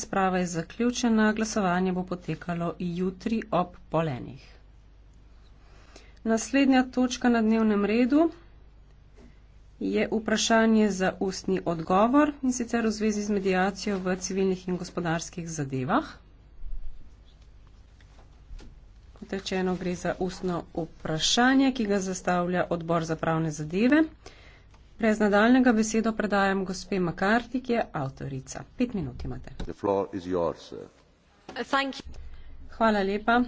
Sprava je zaključena, glasovanje bo potekalo jutri ob polenih. Naslednja točka na dnevnem redu je vprašanje za ustni odgovor in sicer v zvezi z medijacijo v civilnih in gospodarskih zadevah. Kot rečeno, gre za ustno vprašanje, ki ga zastavlja odbor za pravne zadeve. Brez nadaljnega besedo predajam gospe McCarthy, ki je avtorica. Pet minut imate. Yours, Hvala lepa.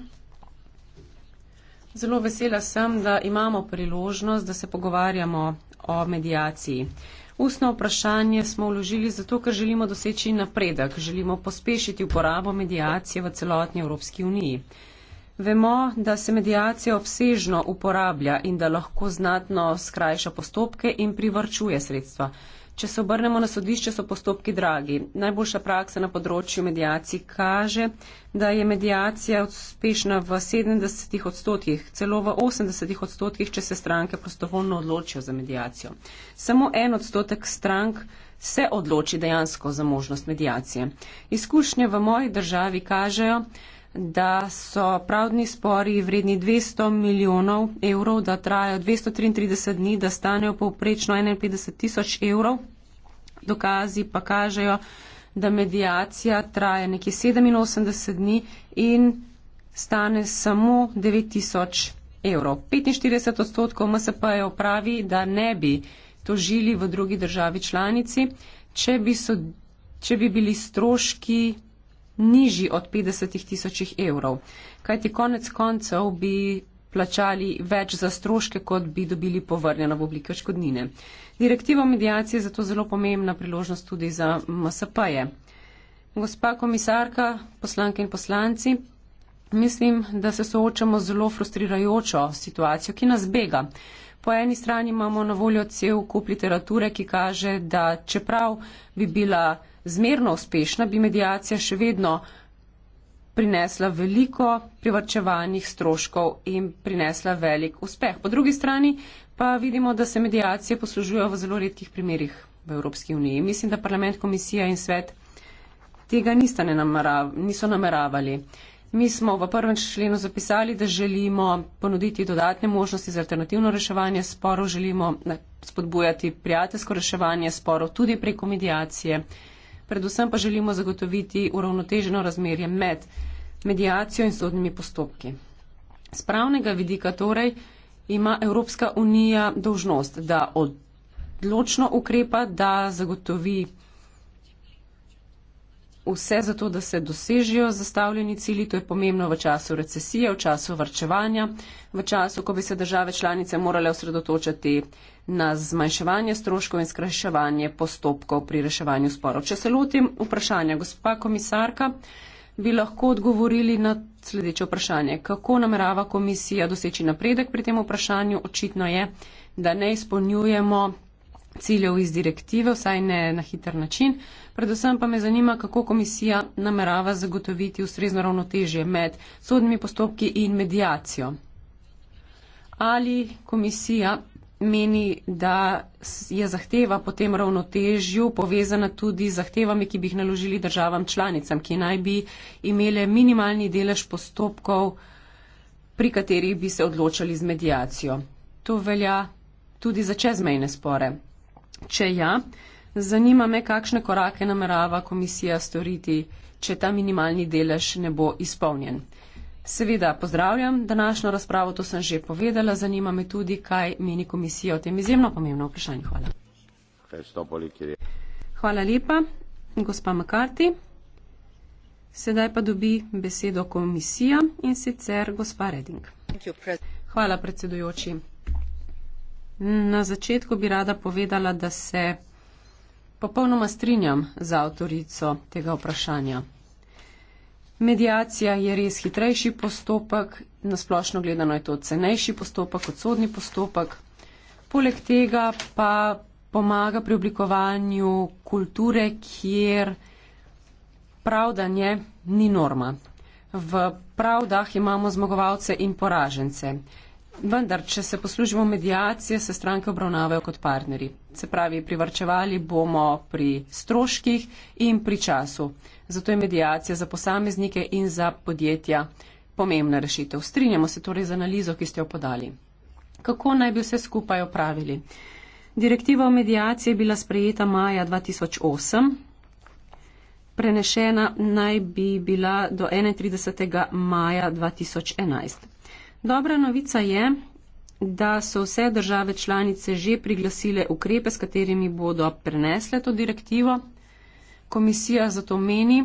Zelo vesela sem, da imamo priložnost, da se pogovarjamo o medijaciji. Ustno vprašanje smo vložili zato, ker želimo doseči napredek, želimo pospešiti uporabo medijacije v celotni Evropski uniji. Vemo, da se medijacija obsežno uporablja in da lahko znatno skrajša postopke in privrčuje sredstva. Če se obrnemo na sodišče, so postopki dragi. Najboljša praksa na področju medijacij kaže, da je medijacija uspešna v 70 odstotkih, celo v 80 odstotkih, če se stranke prostovoljno odločijo za medijacijo. Samo en odstotek strank se odloči dejansko za možnost medijacije. Izkušnje v moji državi kažejo, da so pravdni spori vredni 200 milijonov evrov, da trajajo 233 dni, da stanejo povprečno 51 tisoč evrov. Dokazi pa kažejo, da medijacija traja nekje 87 dni in stane samo 9 tisoč evrov. 45 odstotkov MSP je opravi, da ne bi tožili v drugi državi članici, če bi, so, če bi bili stroški nižji od 50 tisoč evrov, kajti konec koncev bi plačali več za stroške, kot bi dobili povrnjeno v obliki očkodnine. Direktiva medijacije je zato zelo pomembna priložnost tudi za MSP-je. Gospa komisarka, poslanke in poslanci, mislim, da se soočamo z zelo frustrirajočo situacijo, ki nas bega. Po eni strani imamo na voljo cel kup literature, ki kaže, da čeprav bi bila zmerno uspešna, bi medijacija še vedno prinesla veliko privrčevanih stroškov in prinesla velik uspeh. Po drugi strani pa vidimo, da se medijacije poslužujejo v zelo redkih primerjih v Evropski uniji. Mislim, da parlament, komisija in svet tega nista namerav, niso nameravali. Mi smo v prvem členu zapisali, da želimo ponuditi dodatne možnosti za alternativno reševanje sporov, želimo eh, spodbujati prijateljsko reševanje sporov tudi preko medijacije predvsem pa želimo zagotoviti uravnoteženo razmerje med medijacijo in sodnimi postopki. Z pravnega vidika torej ima Evropska unija dožnost, da odločno ukrepa, da zagotovi vse za to, da se dosežejo zastavljeni cilji. To je pomembno v času recesije, v času vrčevanja, v času, ko bi se države članice morale osredotočati na zmanjševanje stroškov in skraševanje postopkov pri reševanju sporov. Če se lotim vprašanja, gospa komisarka, bi lahko odgovorili na sledeče vprašanje. Kako namerava komisija doseči napredek pri tem vprašanju? Očitno je, da ne izpolnjujemo ciljev iz direktive, vsaj ne na hiter način. Predvsem pa me zanima, kako komisija namerava zagotoviti ustrezno ravnotežje med sodnimi postopki in medijacijo. Ali komisija meni, da je zahteva po tem ravnotežju povezana tudi z zahtevami, ki bi jih naložili državam članicam, ki naj bi imele minimalni delež postopkov, pri katerih bi se odločali z medijacijo. To velja tudi za čezmejne spore. Če ja, zanima me, kakšne korake namerava komisija storiti, če ta minimalni delež ne bo izpolnjen. Seveda pozdravljam današnjo razpravo, to sem že povedala, zanima me tudi, kaj meni komisija o tem izjemno pomembnem vprašanju. Hvala. Hvala lepa, gospa Makarti. Sedaj pa dobi besedo komisija in sicer gospa Reding. Hvala predsedujoči. Na začetku bi rada povedala, da se popolnoma strinjam z avtorico tega vprašanja. Medijacija je res hitrejši postopek, nasplošno gledano je to cenejši postopek kot sodni postopek. Poleg tega pa pomaga pri oblikovanju kulture, kjer pravdanje ni norma. V pravdah imamo zmagovalce in poražence. Vendar, če se poslužimo medijacije, se stranke obravnavajo kot partneri. Se pravi, privrčevali bomo pri stroških in pri času. Zato je medijacija za posameznike in za podjetja pomembna rešitev. Strinjamo se torej z analizo, ki ste jo podali. Kako naj bi vse skupaj opravili? Direktiva o medijaciji je bila sprejeta maja 2008. Prenešena naj bi bila do 31. maja 2011. Dobra novica je, da so vse države članice že priglasile ukrepe, s katerimi bodo prenesle to direktivo. Komisija zato meni,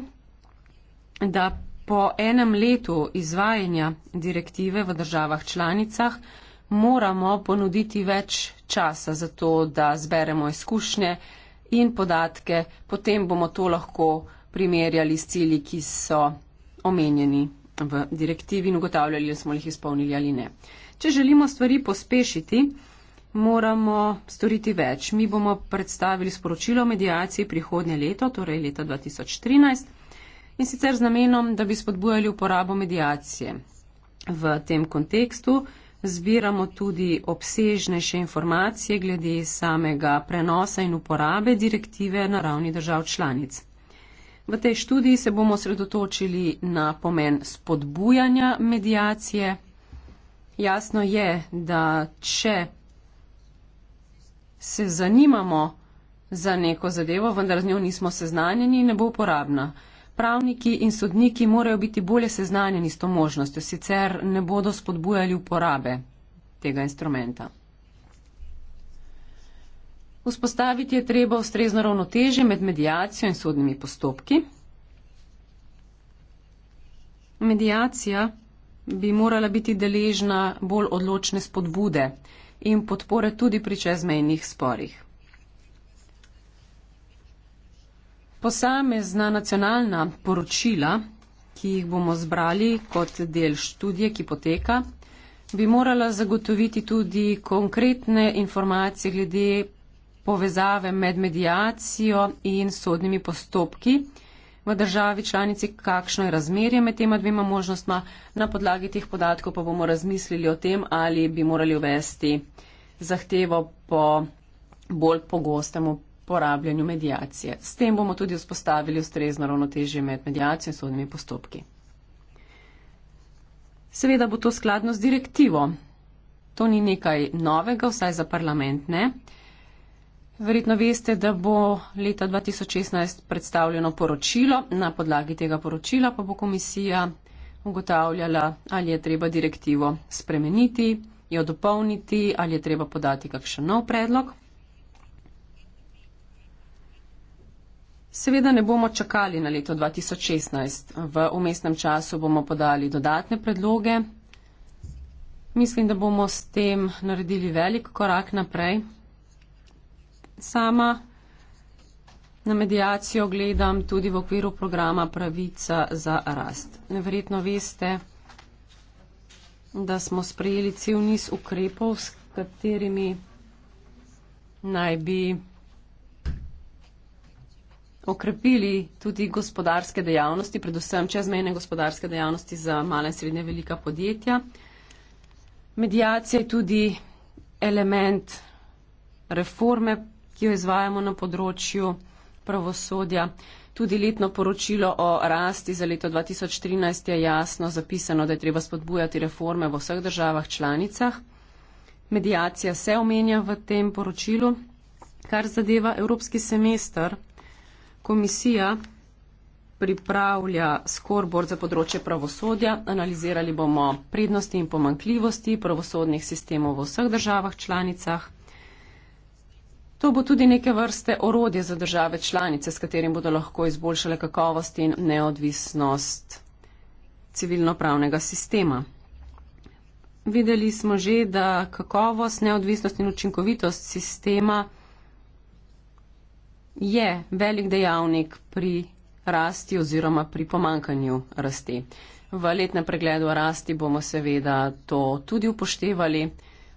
da po enem letu izvajanja direktive v državah članicah moramo ponuditi več časa za to, da zberemo izkušnje in podatke, potem bomo to lahko primerjali s cili, ki so omenjeni v direktivi in ugotavljali, ali smo jih izpolnili ali ne. Če želimo stvari pospešiti, moramo storiti več. Mi bomo predstavili sporočilo o medijaciji prihodnje leto, torej leta 2013, in sicer z namenom, da bi spodbujali uporabo medijacije. V tem kontekstu zbiramo tudi obsežnejše informacije glede samega prenosa in uporabe direktive na ravni držav članic. V tej študiji se bomo sredotočili na pomen spodbujanja medijacije. Jasno je, da če se zanimamo za neko zadevo, vendar z njo nismo seznanjeni, ne bo uporabna. Pravniki in sodniki morajo biti bolje seznanjeni s to možnostjo, sicer ne bodo spodbujali uporabe tega instrumenta. Vzpostaviti je treba ustrezno ravnotežje med medijacijo in sodnimi postopki. Medijacija bi morala biti deležna bolj odločne spodbude in podpore tudi pri čezmejnih sporih. Posamezna nacionalna poročila, ki jih bomo zbrali kot del študije, ki poteka, bi morala zagotoviti tudi konkretne informacije glede povezave med medijacijo in sodnimi postopki v državi članici, kakšno je razmerje med tema dvema možnostma. Na podlagi teh podatkov pa bomo razmislili o tem, ali bi morali uvesti zahtevo po bolj pogostemu porabljanju medijacije. S tem bomo tudi vzpostavili ustrezno ravnotežje med medijacijo in sodnimi postopki. Seveda bo to skladno z direktivo. To ni nekaj novega, vsaj za parlament ne. Verjetno veste, da bo leta 2016 predstavljeno poročilo. Na podlagi tega poročila pa bo komisija ugotavljala, ali je treba direktivo spremeniti, jo dopolniti, ali je treba podati kakšen nov predlog. Seveda ne bomo čakali na leto 2016. V umestnem času bomo podali dodatne predloge. Mislim, da bomo s tem naredili velik korak naprej sama na medijacijo gledam tudi v okviru programa Pravica za rast. Verjetno veste, da smo sprejeli cel niz ukrepov, s katerimi naj bi okrepili tudi gospodarske dejavnosti, predvsem čezmejne gospodarske dejavnosti za mala in srednje velika podjetja. Medijacija je tudi element reforme ki jo izvajamo na področju pravosodja. Tudi letno poročilo o rasti za leto 2013 je jasno zapisano, da je treba spodbujati reforme v vseh državah članicah. Medijacija se omenja v tem poročilu, kar zadeva evropski semester. Komisija pripravlja skorbor za področje pravosodja. Analizirali bomo prednosti in pomankljivosti pravosodnih sistemov v vseh državah članicah. To bo tudi neke vrste orodje za države članice, s katerim bodo lahko izboljšale kakovost in neodvisnost civilno-pravnega sistema. Videli smo že, da kakovost, neodvisnost in učinkovitost sistema je velik dejavnik pri rasti oziroma pri pomankanju rasti. V letnem pregledu rasti bomo seveda to tudi upoštevali.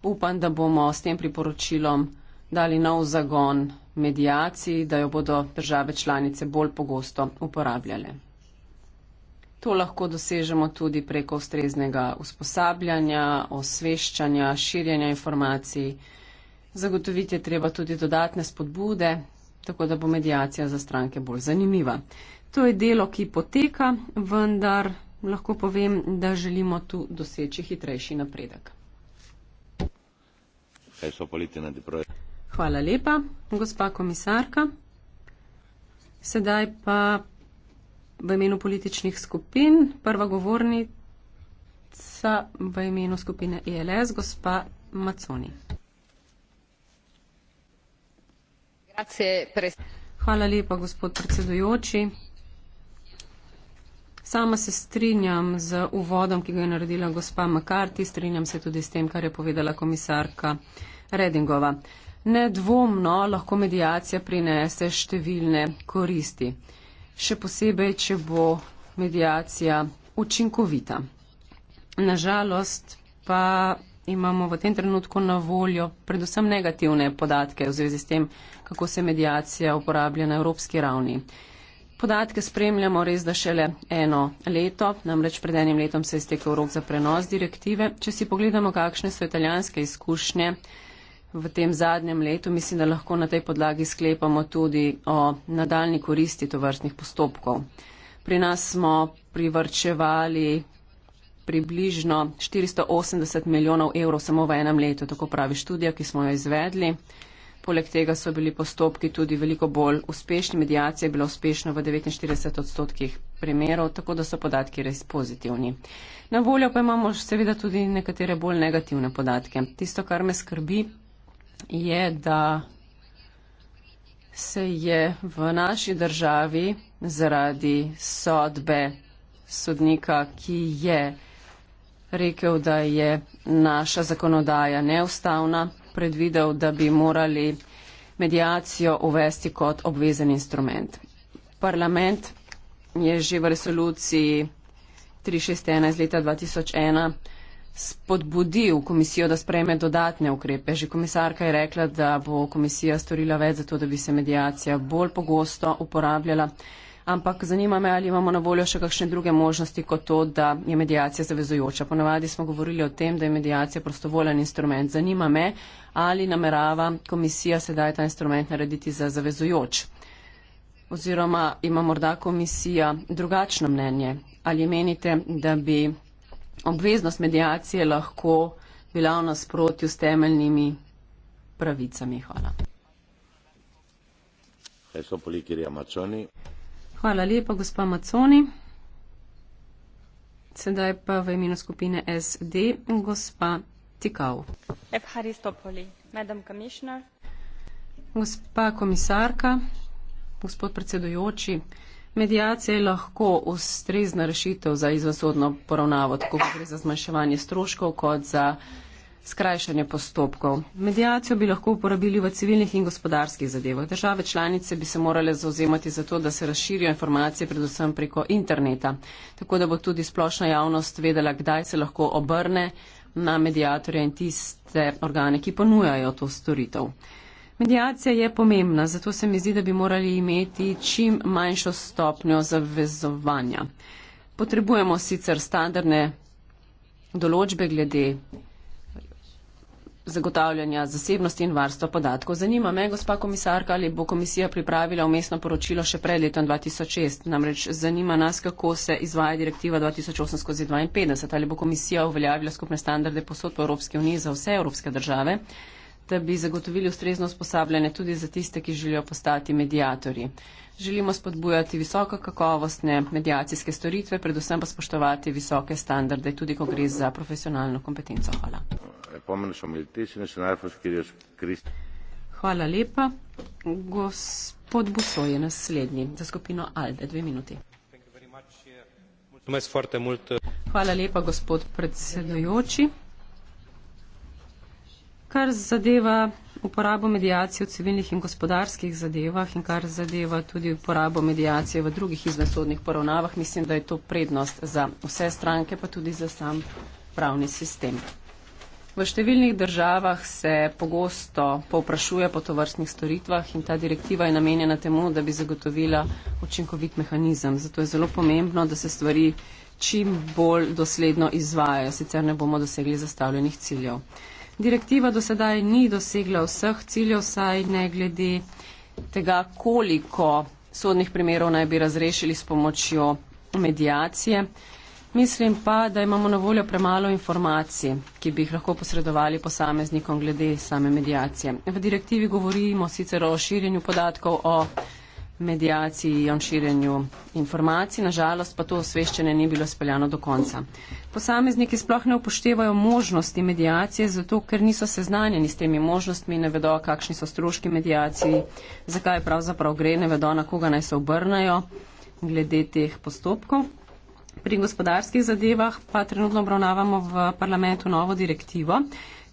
Upam, da bomo s tem priporočilom dali nov zagon medijaciji, da jo bodo države članice bolj pogosto uporabljale. To lahko dosežemo tudi preko ustreznega usposabljanja, osveščanja, širjenja informacij. Zagotoviti je treba tudi dodatne spodbude, tako da bo medijacija za stranke bolj zanimiva. To je delo, ki poteka, vendar lahko povem, da želimo tu doseči hitrejši napredek. Kaj so politične diplomatije? Hvala lepa, gospa komisarka. Sedaj pa v imenu političnih skupin prva govornica v imenu skupine ELS, gospa Maconi. Hvala lepa, gospod predsedujoči. Sama se strinjam z uvodom, ki ga je naredila gospa McCarthy, strinjam se tudi s tem, kar je povedala komisarka Redingova. Uh, Nedvomno lahko medijacija prinese številne koristi, še posebej, če bo medijacija učinkovita. Nažalost pa imamo v tem trenutku na voljo predvsem negativne podatke v zvezi s tem, kako se medijacija uporablja na evropski ravni. Podatke spremljamo res, da šele eno leto, namreč pred enim letom se je stekel rok za prenos direktive. Če si pogledamo, kakšne so italijanske izkušnje, v tem zadnjem letu, mislim, da lahko na tej podlagi sklepamo tudi o nadaljni koristi tovrstnih postopkov. Pri nas smo privrčevali približno 480 milijonov evrov samo v enem letu, tako pravi študija, ki smo jo izvedli. Poleg tega so bili postopki tudi veliko bolj uspešni, medijacija je bila uspešna v 49 odstotkih primerov, tako da so podatki res pozitivni. Na voljo pa imamo seveda tudi nekatere bolj negativne podatke. Tisto, kar me skrbi, je, da se je v naši državi zaradi sodbe sodnika, ki je rekel, da je naša zakonodaja neustavna, predvidel, da bi morali medijacijo uvesti kot obvezen instrument. Parlament je že v resoluciji 361 leta 2001 spodbudil komisijo, da sprejme dodatne ukrepe. Že komisarka je rekla, da bo komisija storila več za to, da bi se medijacija bolj pogosto uporabljala. Ampak zanima me, ali imamo na voljo še kakšne druge možnosti kot to, da je medijacija zavezujoča. Ponavadi smo govorili o tem, da je medijacija prostovoljen instrument. Zanima me, ali namerava komisija sedaj ta instrument narediti za zavezujoč. Oziroma ima morda komisija drugačno mnenje. Ali menite, da bi obveznost medijacije lahko bila v nasprotju s temeljnimi pravicami. Hvala. Hvala lepa, gospa Maconi. Sedaj pa v imenu skupine SD gospa Tikau. Gospa komisarka, gospod predsedujoči, Medijacija je lahko ustrezna rešitev za izvasodno poravnavo, tako kot gre za zmanjševanje stroškov, kot za skrajšanje postopkov. Medijacijo bi lahko uporabili v civilnih in gospodarskih zadevah. Države članice bi se morale zauzemati za to, da se razširijo informacije predvsem preko interneta, tako da bo tudi splošna javnost vedela, kdaj se lahko obrne na medijatorje in tiste organe, ki ponujajo to storitev. Medijacija je pomembna, zato se mi zdi, da bi morali imeti čim manjšo stopnjo zavezovanja. Potrebujemo sicer standardne določbe glede zagotavljanja zasebnosti in varstva podatkov. Zanima me, gospa komisarka, ali bo komisija pripravila umestno poročilo še pred letom 2006. Namreč zanima nas, kako se izvaja direktiva 2008-52, ali bo komisija uveljavila skupne standarde posod po Evropski uniji za vse evropske države da bi zagotovili ustrezno usposabljanje tudi za tiste, ki želijo postati medijatorji. Želimo spodbujati visoko kakovostne medijacijske storitve, predvsem pa spoštovati visoke standarde, tudi ko gre za profesionalno kompetenco. Hvala. Hvala lepa. Gospod Buso je naslednji za skupino Alde. Dve minuti. Hvala lepa, gospod predsedujoči kar zadeva uporabo medijacije v civilnih in gospodarskih zadevah in kar zadeva tudi uporabo medijacije v drugih izvensodnih poravnavah, mislim, da je to prednost za vse stranke, pa tudi za sam pravni sistem. V številnih državah se pogosto povprašuje po tovrstnih storitvah in ta direktiva je namenjena temu, da bi zagotovila učinkovit mehanizem. Zato je zelo pomembno, da se stvari čim bolj dosledno izvajajo, sicer ne bomo dosegli zastavljenih ciljev. Direktiva do sedaj ni dosegla vseh ciljev, saj ne glede tega, koliko sodnih primerov naj bi razrešili s pomočjo medijacije. Mislim pa, da imamo na voljo premalo informacij, ki bi jih lahko posredovali posameznikom glede same medijacije. V direktivi govorimo sicer o širjenju podatkov o medijacije, medijaciji in širjenju informacij, nažalost pa to osveščanje ni bilo speljano do konca. Posamezniki sploh ne upoštevajo možnosti medijacije, zato ker niso seznanjeni s temi možnostmi, ne vedo, kakšni so stroški medijacije, zakaj pravzaprav gre, ne vedo, na koga naj se obrnajo glede teh postopkov. Pri gospodarskih zadevah pa trenutno obravnavamo v parlamentu novo direktivo,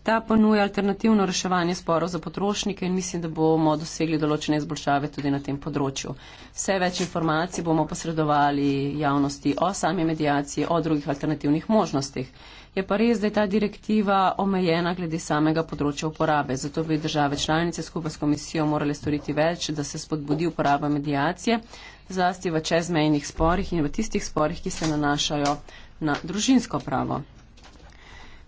Ta ponuja alternativno reševanje sporov za potrošnike in mislim, da bomo dosegli določene izboljšave tudi na tem področju. Vse več informacij bomo posredovali javnosti o sami medijaciji, o drugih alternativnih možnostih. Je pa res, da je ta direktiva omejena glede samega področja uporabe. Zato bi države članice skupaj s komisijo morale storiti več, da se spodbudi uporaba medijacije, zlasti v čezmejnih sporih in v tistih sporih, ki se nanašajo na družinsko pravo.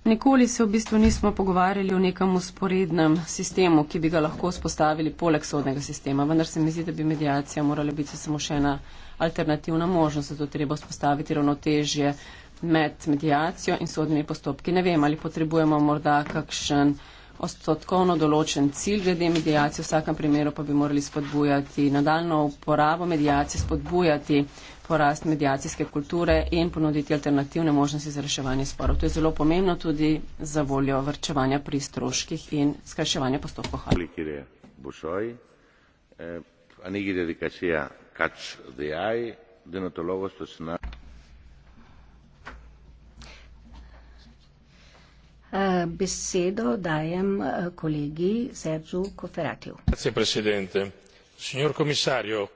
Nikoli se v bistvu nismo pogovarjali o nekem usporednem sistemu, ki bi ga lahko spostavili poleg sodnega sistema, vendar se mi zdi, da bi medijacija morala biti samo še ena alternativna možnost, zato treba spostaviti ravnotežje med medijacijo in sodnimi postopki. Ne vem, ali potrebujemo morda kakšen odstotkovno določen cilj glede medijacije, v vsakem primeru pa bi morali spodbujati nadaljno uporabo medijacije, spodbujati porast medijacijske kulture in ponuditi alternativne možnosti za reševanje sporov. To je zelo pomembno tudi za voljo vrčevanja pri stroških in skrajševanja postopkov. Eh, eh, besedo dajem eh, kolegi Sergiu Koferatiju. Signor commissario,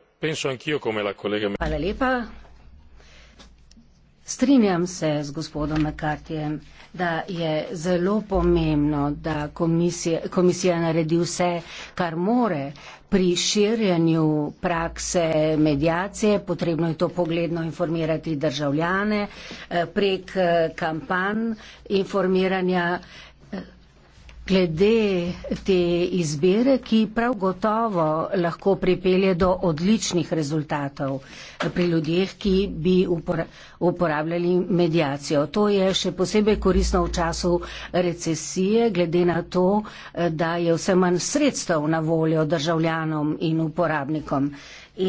strinjam se z gospodom mccartyjem da je zelo pomembno da komisija, komisija naredi vse kar more pri širjenju prakse medijacije potrebno je to pogledno informirati državljane eh, prek eh, kampanj informiranja Glede te izbire, ki prav gotovo lahko pripelje do odličnih rezultatov pri ljudeh, ki bi uporabljali medijacijo. To je še posebej korisno v času recesije, glede na to, da je vse manj sredstev na voljo državljanom in uporabnikom.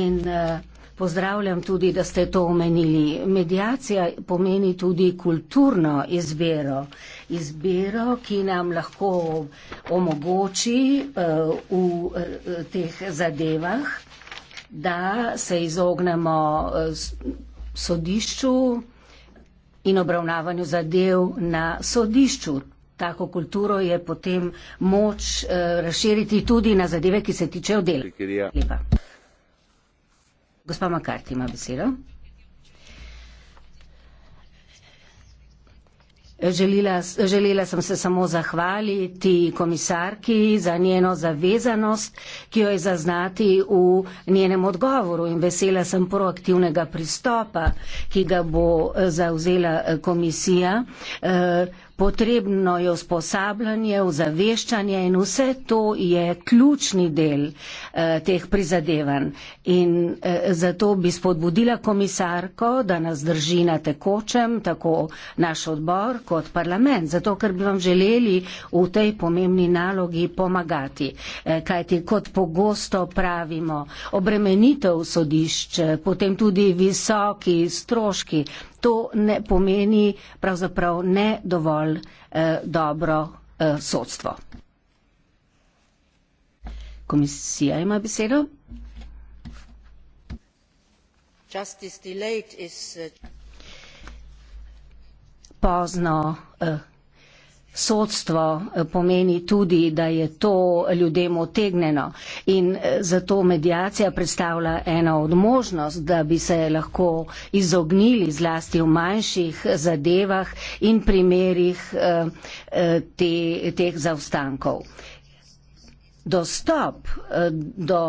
In, uh, Pozdravljam tudi, da ste to omenili. Medijacija pomeni tudi kulturno izbiro. Izbiro, ki nam lahko omogoči eh, v eh, teh zadevah, da se izognemo eh, sodišču in obravnavanju zadev na sodišču. Tako kulturo je potem moč razširiti tudi na zadeve, ki se tičejo dela. Hvala lepa. Gospa Makarti ima besedo. Želila, želela sem se samo zahvaliti komisarki za njeno zavezanost, ki jo je zaznati v njenem odgovoru in vesela sem proaktivnega pristopa, ki ga bo eh, zauzela eh, komisija. Eh, potrebno je usposabljanje, ozaveščanje in vse to je ključni del eh, teh prizadevanj. In eh, zato bi spodbudila komisarko, da nas drži na tekočem, tako naš odbor kot parlament, zato ker bi vam želeli v tej pomembni nalogi pomagati. Eh, kajti kot pogosto pravimo, obremenitev sodišč, eh, potem tudi visoki stroški, to ne pomeni pravzaprav ne dovolj eh, dobro eh, sodstvo. Komisija ima besedo. Eh, Pozno eh, sodstvo eh, pomeni tudi, da je to ljudem otegneno in eh, zato medijacija predstavlja eno od možnost, da bi se lahko izognili zlasti v manjših zadevah in primerih eh, te, teh zaostankov. Dostop eh, do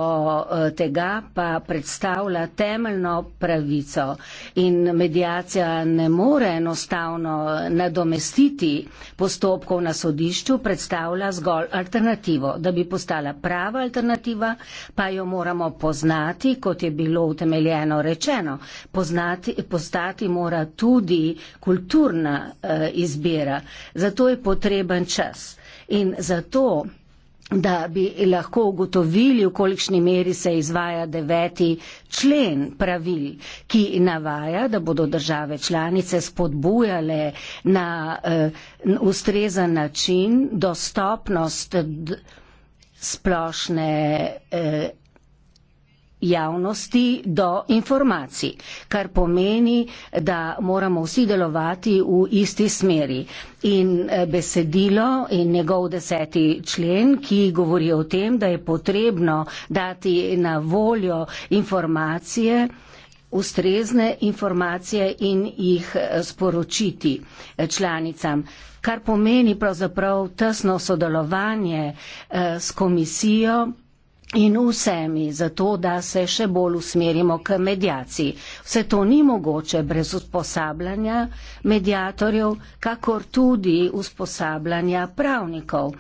eh, tega pa predstavlja temeljno pravico in medijacija ne more enostavno eh, nadomestiti postopkov na sodišču, predstavlja zgolj alternativo. Da bi postala prava alternativa, pa jo moramo poznati, kot je bilo utemeljeno rečeno. Poznati, postati mora tudi kulturna eh, izbira. Zato je potreben čas. In zato da bi lahko ugotovili, v kolikšni meri se izvaja deveti člen pravil, ki navaja, da bodo države članice spodbujale na uh, eh, ustrezan način dostopnost d, splošne uh, javnosti do informacij, kar pomeni, da moramo vsi delovati v isti smeri. In eh, besedilo in njegov deseti člen, ki govori o tem, da je potrebno dati na voljo informacije, ustrezne informacije in jih eh, sporočiti eh, članicam kar pomeni pravzaprav tesno sodelovanje eh, s komisijo in vsemi za to, da se še bolj usmerimo k medijaciji. Vse to ni mogoče brez usposabljanja medijatorjev, kakor tudi usposabljanja pravnikov.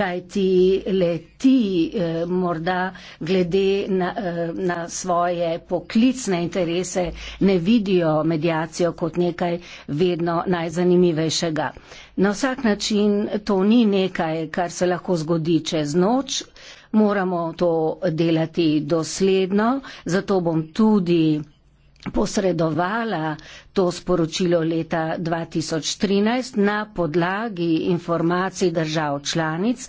Kaj ti leti eh, morda glede na, eh, na svoje poklicne interese ne vidijo medijacijo kot nekaj vedno najzanimivejšega. Na vsak način to ni nekaj, kar se lahko zgodi čez noč. Moramo to delati dosledno, zato bom tudi posredovala to sporočilo leta 2013 na podlagi informacij držav članic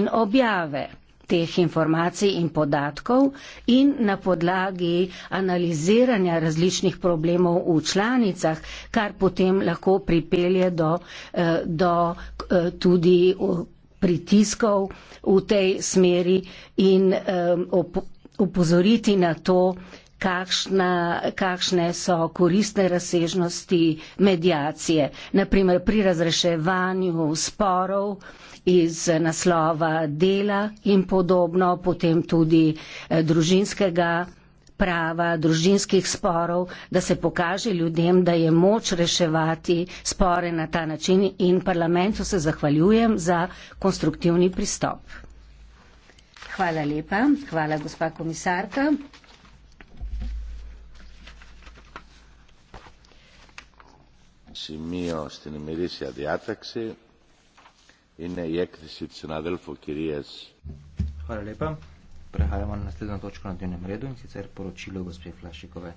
in objave teh informacij in podatkov in na podlagi analiziranja različnih problemov v članicah, kar potem lahko pripelje do, eh, do eh, tudi pritiskov v tej smeri in eh, opozoriti na to, kakšna, kakšne so koristne razsežnosti medijacije, naprimer pri razreševanju sporov iz naslova dela in podobno, potem tudi eh, družinskega prava, družinskih sporov, da se pokaže ljudem, da je moč reševati spore na ta način in parlamentu se zahvaljujem za konstruktivni pristop. Hvala lepa, hvala gospa komisarka. σημείο στην ημερήσια διάταξη είναι η έκθεση της συναδέλφου κυρίας. Χαρά λίπα. Προχάρεμα να στείλω τόσο να την εμπρέδω, είναι σε προτσίλογος πιο φλασσικοβέ.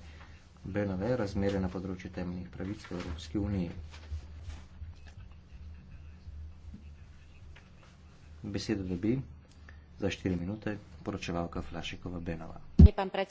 Μπένοβέ, ρασμέρε να παντρούτσιο τέμνη πραγίτσιο Ευρωπαϊκή Ουνία. Беседа доби за 4 минута, поручевалка Флашикова Бенова.